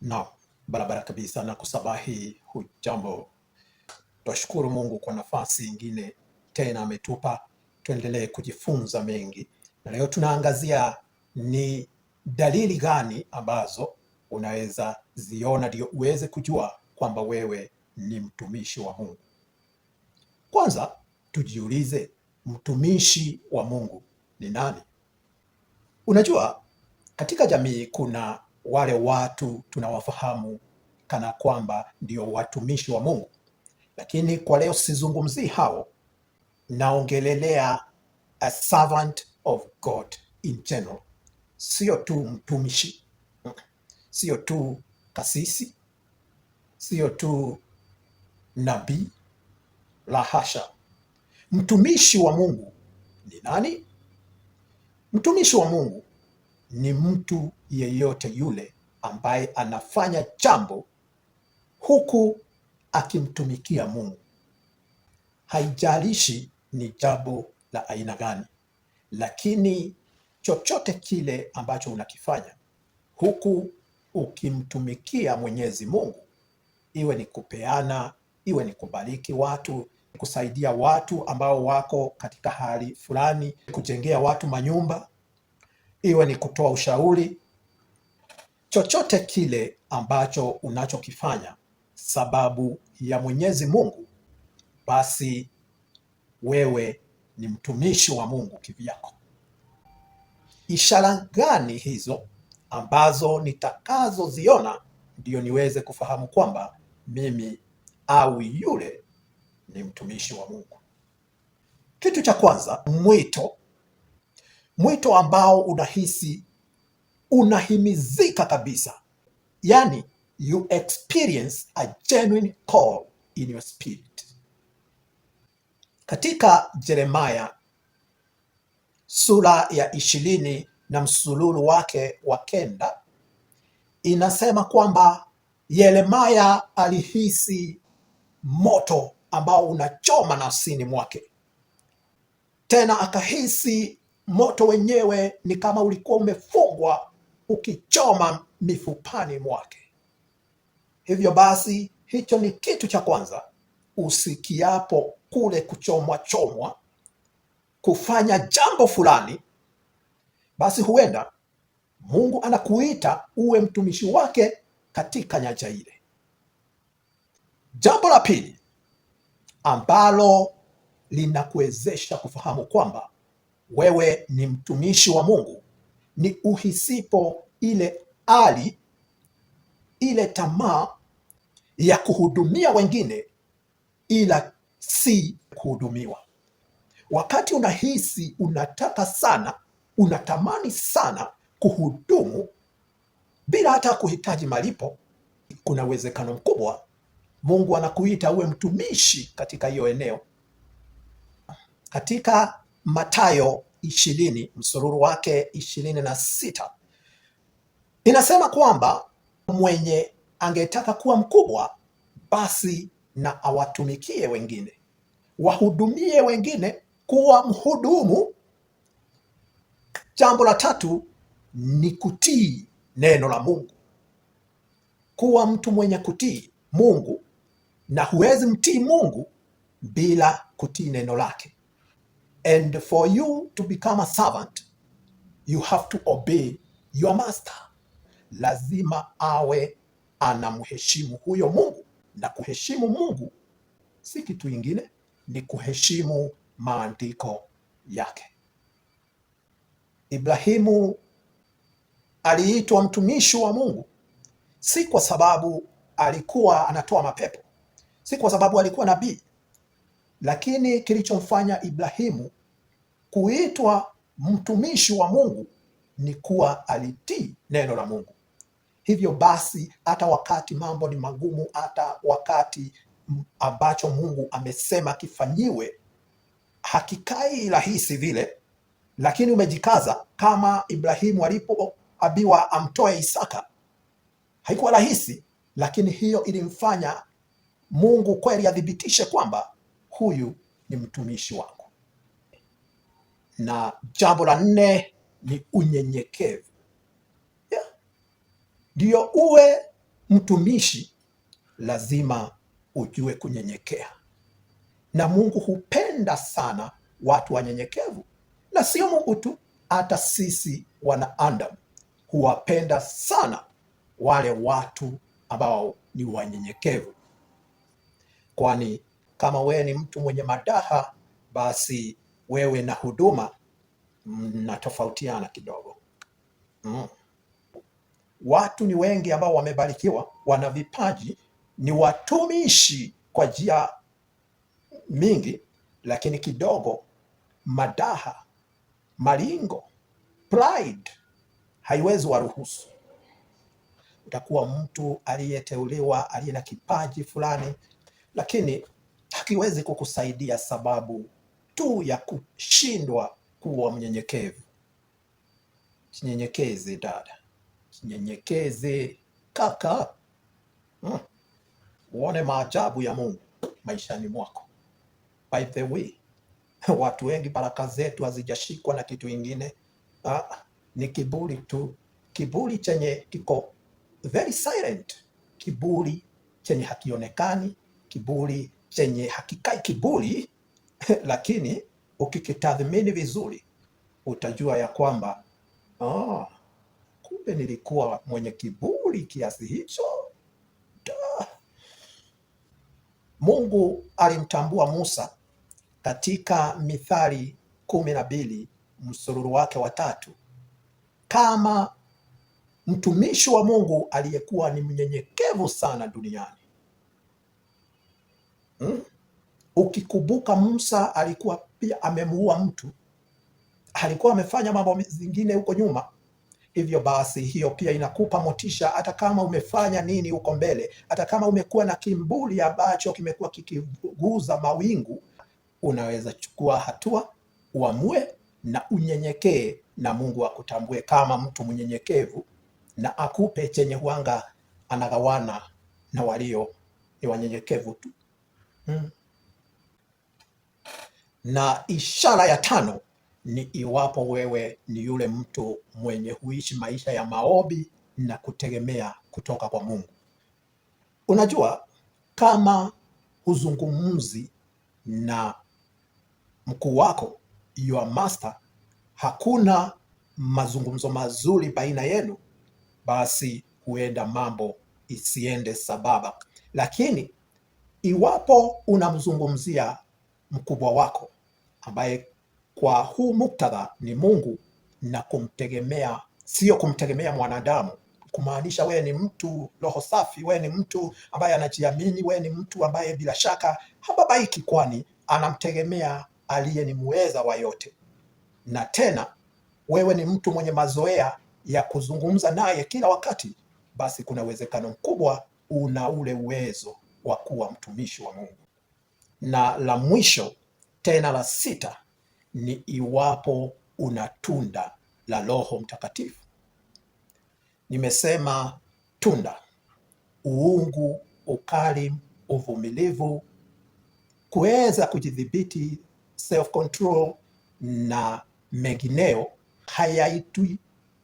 na barabara kabisa na kusabahi. Hujambo, twashukuru Mungu kwa nafasi ingine tena ametupa tuendelee kujifunza mengi, na leo tunaangazia ni dalili gani ambazo unaweza ziona ndio uweze kujua kwamba wewe ni mtumishi wa Mungu. Kwanza tujiulize, mtumishi wa Mungu ni nani? Unajua, katika jamii kuna wale watu tunawafahamu kana kwamba ndio watumishi wa Mungu, lakini kwa leo sizungumzii hao, naongelelea a servant of God in general, sio tu mtumishi, sio tu kasisi, sio tu nabii, la hasha. Mtumishi wa Mungu ni nani? Mtumishi wa Mungu ni mtu yeyote yule ambaye anafanya jambo huku akimtumikia Mungu. Haijalishi ni jambo la aina gani, lakini chochote kile ambacho unakifanya huku ukimtumikia Mwenyezi Mungu, iwe ni kupeana, iwe ni kubariki watu, kusaidia watu ambao wako katika hali fulani, kujengea watu manyumba iwe ni kutoa ushauri, chochote kile ambacho unachokifanya sababu ya Mwenyezi Mungu, basi wewe ni mtumishi wa Mungu kivyako. Ishara gani hizo ambazo nitakazoziona ndiyo niweze kufahamu kwamba mimi au yule ni mtumishi wa Mungu? Kitu cha kwanza, mwito mwito ambao unahisi unahimizika kabisa, yani you experience a genuine call in your spirit. Katika jeremaya sura ya ishirini na msululu wake wa kenda inasema kwamba yeremaya alihisi moto ambao unachoma nafsini mwake, tena akahisi moto wenyewe ni kama ulikuwa umefungwa ukichoma mifupani mwake. Hivyo basi, hicho ni kitu cha kwanza. Usikiapo kule kuchomwa chomwa, kufanya jambo fulani, basi huenda Mungu anakuita uwe mtumishi wake katika nyanja ile. Jambo la pili ambalo linakuwezesha kufahamu kwamba wewe ni mtumishi wa Mungu, ni uhisipo ile ali ile tamaa ya kuhudumia wengine ila si kuhudumiwa. Wakati unahisi unataka sana, unatamani sana kuhudumu bila hata kuhitaji malipo, kuna uwezekano mkubwa Mungu anakuita uwe mtumishi katika hiyo eneo, katika Mathayo ishirini msururu wake ishirini na sita inasema kwamba mwenye angetaka kuwa mkubwa basi na awatumikie wengine, wahudumie wengine, kuwa mhudumu. Jambo la tatu ni kutii neno la Mungu, kuwa mtu mwenye kutii Mungu, na huwezi mtii Mungu bila kutii neno lake. And for you to become a servant, you have to obey your master. Lazima awe anamheshimu huyo Mungu, na kuheshimu Mungu si kitu ingine, ni kuheshimu maandiko yake. Ibrahimu aliitwa mtumishi wa Mungu si kwa sababu alikuwa anatoa mapepo, si kwa sababu alikuwa nabii, lakini kilichomfanya Ibrahimu kuitwa mtumishi wa Mungu ni kuwa alitii neno la Mungu. Hivyo basi, hata wakati mambo ni magumu, hata wakati ambacho Mungu amesema kifanyiwe hakikai rahisi vile, lakini umejikaza. Kama Ibrahimu alipoambiwa amtoe Isaka, haikuwa rahisi, lakini hiyo ilimfanya Mungu kweli athibitishe kwamba huyu ni mtumishi wangu. Na jambo la nne ni unyenyekevu. Ndio, yeah. Uwe mtumishi lazima ujue kunyenyekea, na Mungu hupenda sana watu wanyenyekevu, na sio Mungu tu, hata sisi wanaadamu huwapenda sana wale watu ambao ni wanyenyekevu, kwani kama wewe ni mtu mwenye madaha, basi wewe na huduma mnatofautiana kidogo mm. Watu ni wengi ambao wamebarikiwa, wana vipaji, ni watumishi kwa njia mingi, lakini kidogo madaha, malingo pride haiwezi waruhusu. Utakuwa mtu aliyeteuliwa, aliye na kipaji fulani, lakini hakiwezi kukusaidia sababu tu ya kushindwa kuwa mnyenyekevu. Sinyenyekeze dada, sinyenyekeze kaka, hmm. Uone maajabu ya Mungu maishani mwako. By the way, watu wengi baraka zetu hazijashikwa na kitu ingine ah, ni kiburi tu, kiburi chenye kiko very silent, kiburi chenye hakionekani, kiburi chenye hakika kiburi lakini ukikitathmini vizuri utajua ya kwamba oh, kumbe nilikuwa mwenye kiburi kiasi hicho. Mungu alimtambua Musa katika Mithali kumi na mbili msururu wake wa tatu kama mtumishi wa Mungu aliyekuwa ni mnyenyekevu sana duniani hmm? Ukikumbuka Musa alikuwa pia amemuua mtu, alikuwa amefanya mambo mengine huko nyuma. Hivyo basi, hiyo pia inakupa motisha, hata kama umefanya nini huko mbele, hata kama umekuwa na kimbuli ambacho kimekuwa kikiguza mawingu, unaweza chukua hatua, uamue na unyenyekee, na Mungu akutambue kama mtu mnyenyekevu na akupe chenye huanga anagawana na walio ni wanyenyekevu tu. Hmm. Na ishara ya tano ni iwapo wewe ni yule mtu mwenye huishi maisha ya maombi na kutegemea kutoka kwa Mungu. Unajua, kama huzungumzi na mkuu wako your master, hakuna mazungumzo mazuri baina yenu, basi huenda mambo isiende sababa, lakini iwapo unamzungumzia mkubwa wako ambaye kwa huu muktadha ni Mungu na kumtegemea, sio kumtegemea mwanadamu, kumaanisha wewe ni mtu roho safi, wewe ni mtu ambaye anajiamini, wewe ni mtu ambaye bila shaka hababaiki, kwani anamtegemea aliye ni muweza wa yote. Na tena wewe ni mtu mwenye mazoea ya kuzungumza naye kila wakati, basi kuna uwezekano mkubwa una ule uwezo wa kuwa mtumishi wa Mungu. Na la mwisho tena la sita ni iwapo una tunda la Roho Mtakatifu. Nimesema tunda: uungu, ukali uvumilivu, kuweza kujidhibiti, self control na mengineo. Hayaitwi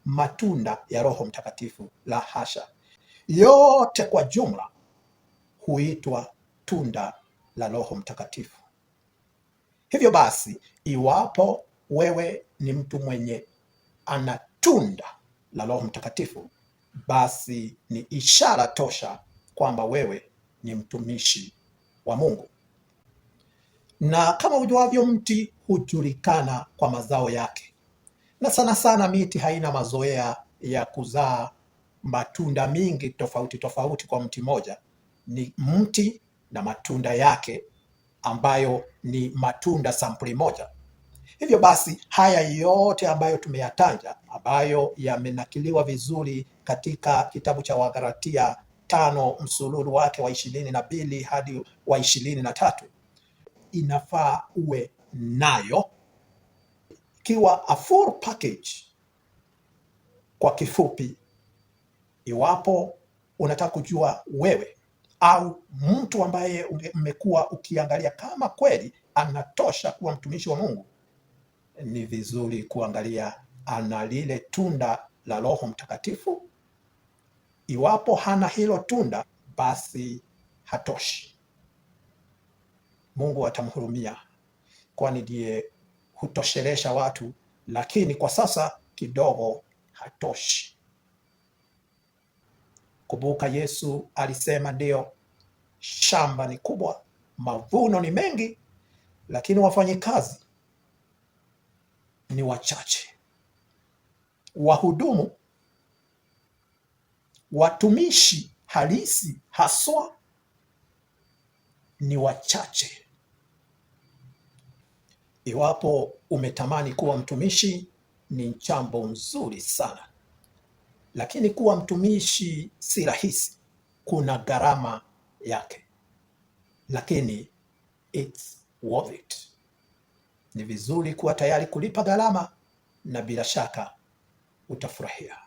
matunda ya Roho Mtakatifu, la hasha. Yote kwa jumla huitwa tunda la Roho Mtakatifu. Hivyo basi, iwapo wewe ni mtu mwenye ana tunda la Roho Mtakatifu, basi ni ishara tosha kwamba wewe ni mtumishi wa Mungu. Na kama ujuavyo, mti hujulikana kwa mazao yake, na sana sana miti haina mazoea ya kuzaa matunda mingi tofauti tofauti kwa mti mmoja, ni mti na matunda yake ambayo ni matunda sampuli moja. Hivyo basi haya yote ambayo tumeyataja ambayo yamenakiliwa vizuri katika kitabu cha Wagalatia tano msululu wake wa ishirini na mbili hadi wa ishirini na tatu inafaa uwe nayo ikiwa a full package. Kwa kifupi, iwapo unataka kujua wewe au mtu ambaye mmekuwa ukiangalia kama kweli anatosha kuwa mtumishi wa Mungu, ni vizuri kuangalia ana lile tunda la Roho Mtakatifu. Iwapo hana hilo tunda, basi hatoshi. Mungu atamhurumia, kwani ndiye hutosheresha watu, lakini kwa sasa kidogo hatoshi. Kumbuka Yesu alisema ndio shamba ni kubwa, mavuno ni mengi, lakini wafanyikazi ni wachache. Wahudumu, watumishi halisi haswa ni wachache. Iwapo umetamani kuwa mtumishi, ni mchambo nzuri sana lakini kuwa mtumishi si rahisi, kuna gharama yake, lakini it's worth it. Ni vizuri kuwa tayari kulipa gharama, na bila shaka utafurahia.